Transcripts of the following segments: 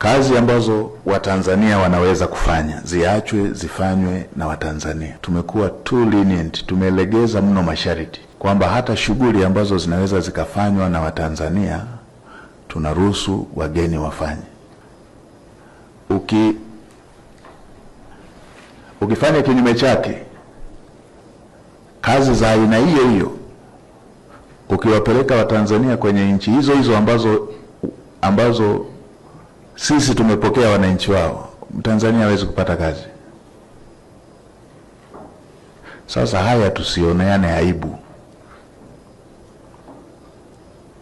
Kazi ambazo Watanzania wanaweza kufanya ziachwe zifanywe na Watanzania. Tumekuwa too lenient, tumelegeza mno mashariti kwamba hata shughuli ambazo zinaweza zikafanywa na Watanzania tunaruhusu wageni wafanye. Uki ukifanya kinyume chake, kazi za aina hiyo hiyo, ukiwapeleka Watanzania kwenye nchi hizo hizo ambazo ambazo sisi tumepokea wananchi wao, mtanzania hawezi kupata kazi. Sasa haya tusioneane aibu.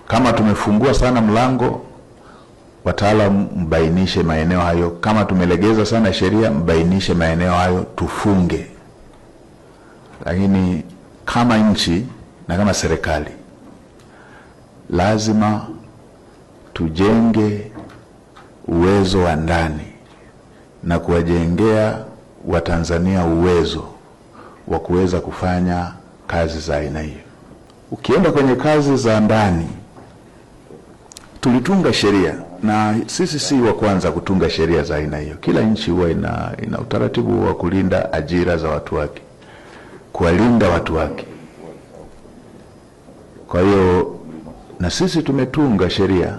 Kama tumefungua sana mlango, wataalam mbainishe maeneo hayo. Kama tumelegeza sana sheria, mbainishe maeneo hayo, tufunge. Lakini kama nchi na kama serikali lazima tujenge uwezo wa ndani na kuwajengea Watanzania uwezo wa kuweza kufanya kazi za aina hiyo. Ukienda kwenye kazi za ndani, tulitunga sheria na sisi si wa kwanza kutunga sheria za aina hiyo. Kila nchi huwa ina, ina utaratibu wa kulinda ajira za watu wake, kuwalinda watu wake. Kwa hiyo na sisi tumetunga sheria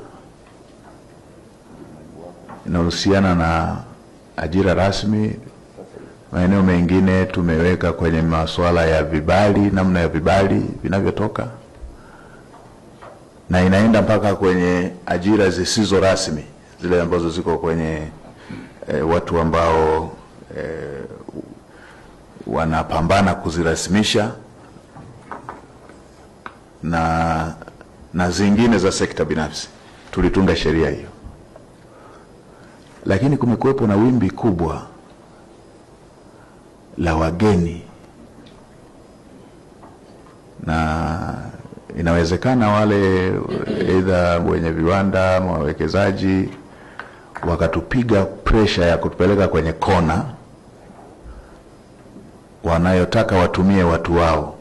inahusiana na ajira rasmi. Maeneo mengine tumeweka kwenye masuala ya vibali, namna ya vibali vinavyotoka, na inaenda mpaka kwenye ajira zisizo rasmi, zile ambazo ziko kwenye e, watu ambao e, wanapambana kuzirasimisha na na zingine za sekta binafsi. Tulitunga sheria hiyo. Lakini kumekuwepo na wimbi kubwa la wageni, na inawezekana wale aidha wenye viwanda ama wawekezaji wakatupiga presha ya kutupeleka kwenye kona wanayotaka watumie watu wao